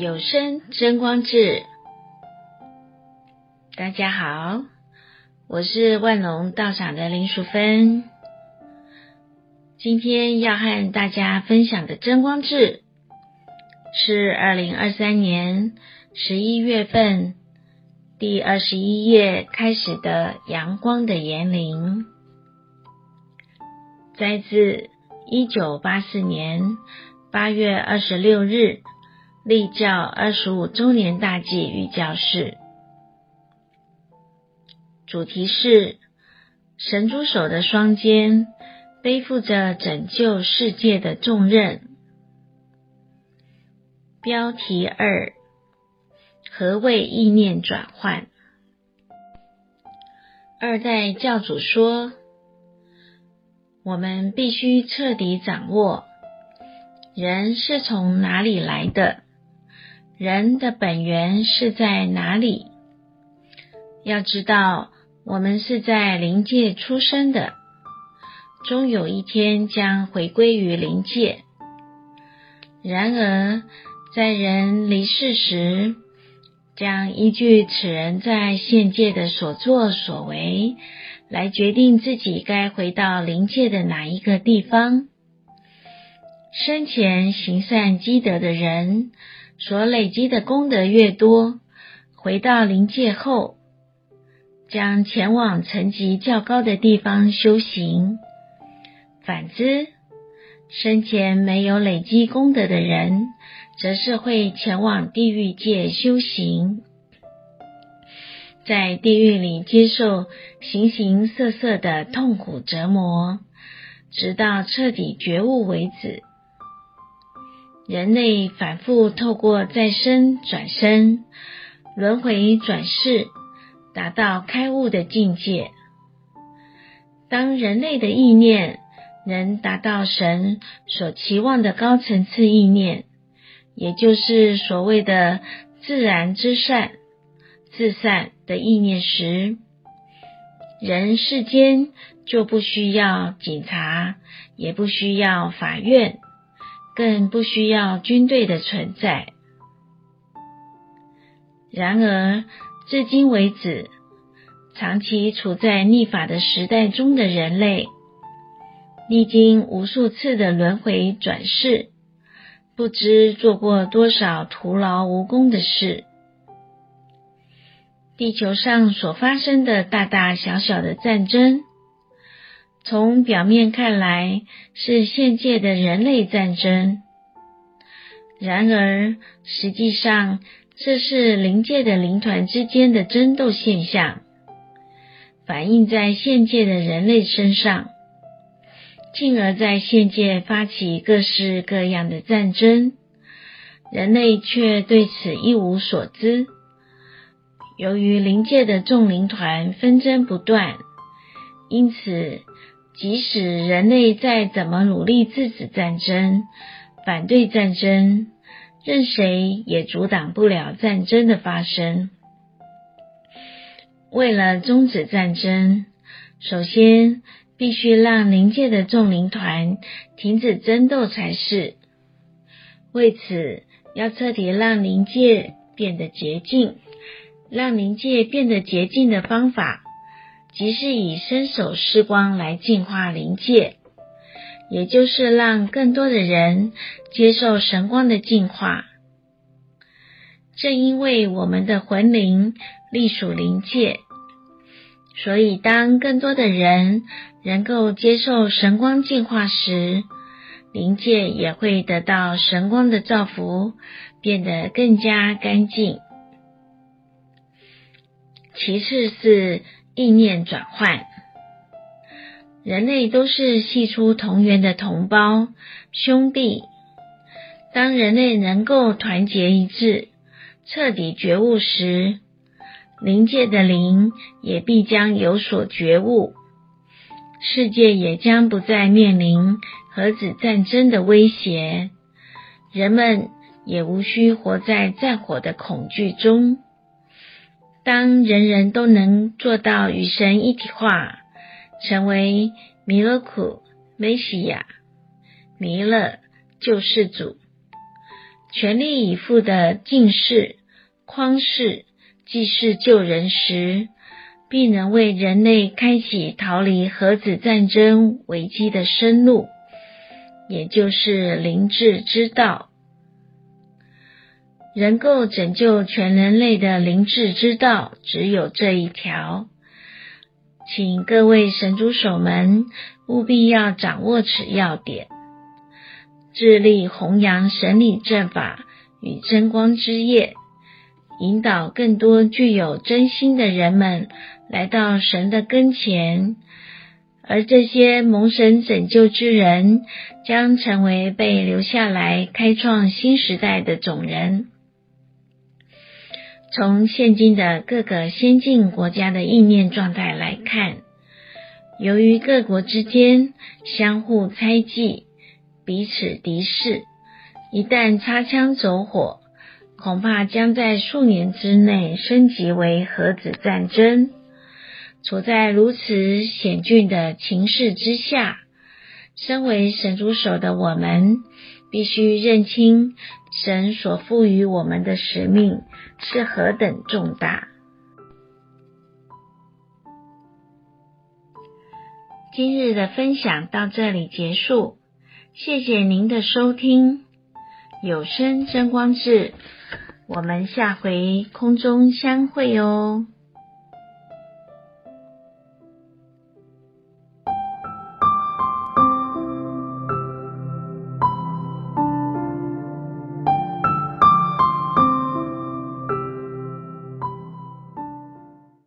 有聲真光誌，大家好，我是萬隆道場的林淑芬。今天要和大家分享的真光誌是二零二三年十一月份第二十一頁開始的《陽光的言靈》，摘自一九八四年八月二十六日。立教二十五周年大祭御教示，主題是神組手的雙肩背負着拯救世界的重任。標題二：何謂意念轉換？二代教主說：“我們必須徹底掌握人是從哪裡來的。”人的本源是在哪裡？要知道，我們是在靈界出生的，終有一天將回歸於靈界。然而，在人離世時，將依據此人在現界的所作所為，來決定自己該回到靈界的哪一個地方。生前行善積德的人，所累積的功德越多，回到靈界後，將前往層級較高的地方修行；反之，生前沒有累積功德的人，則是會前往地獄界修行，在地獄裡接受形形色色的痛苦折磨，直到徹底覺悟為止。人類反覆透過再生、轉生、輪迴轉世，達到開悟的境界。當人類的意念能達到神所期望的高層次意念，也就是所謂的自然之善、自善的意念時，人世間就不需要警察，也不需要法院。更不需要軍隊的存在。然而，至今為止，長期處在逆法的時代中的人類，歷經無數次的輪迴轉世，不知做過多少徒勞無功的事。地球上所發生的大大小小的戰爭，從表面看來是現界的人類戰爭，然而實際上這是靈界的靈團之間的爭鬥現象，反映在現界的人類身上，進而在現界發起各式各樣的戰爭，人類卻對此一無所知。由於靈界的眾靈團紛爭不斷，因此。即使人類再怎麼努力制止戰爭、反對戰爭，任誰也阻擋不了戰爭的發生。為了終止戰爭，首先必須讓靈界的眾靈團停止爭鬥才是。為此，要徹底讓靈界變得潔淨。讓靈界變得潔淨的方法，即是以伸手施光來淨化靈界，也就是讓更多的人接受神光的淨化。正因為我們的魂靈隸屬靈界，所以當更多的人能夠接受神光淨化時，靈界也會得到神光的造福，變得更加乾淨。其次是。意念轉換，人類都是系出同源的同胞兄弟。當人類能夠團結一致、徹底覺悟時，靈界的靈也必將有所覺悟，世界也將不再面臨核子戰爭的威脅，人們也無需活在戰火的恐懼中。當人人都能做到與神一體化，成為彌勒苦、梅西亞、彌勒救世主，全力以赴的淨世、匡世、濟世救人時，必能為人類開啟逃離核子戰爭危機的生路，也就是靈智之道。能夠拯救全人類的靈智之道只有這一條，請各位神組手們務必要掌握此要點，致力弘揚神理正法與真光之業，引導更多具有真心的人們來到神的跟前，而這些蒙神拯救之人，將成為被留下來開創新時代的種人。從現今的各個先進國家的意念狀態來看，由於各國之間相互猜忌、彼此敵視，一旦擦槍走火，恐怕將在數年之內升級為核子戰爭。處在如此險峻的情勢之下，身為神助手的我們。必須認清神所賦予我們的使命是何等重大。今日的分享到這裡結束，謝謝您的收聽，有聲真光誌，我們下回空中相會哦。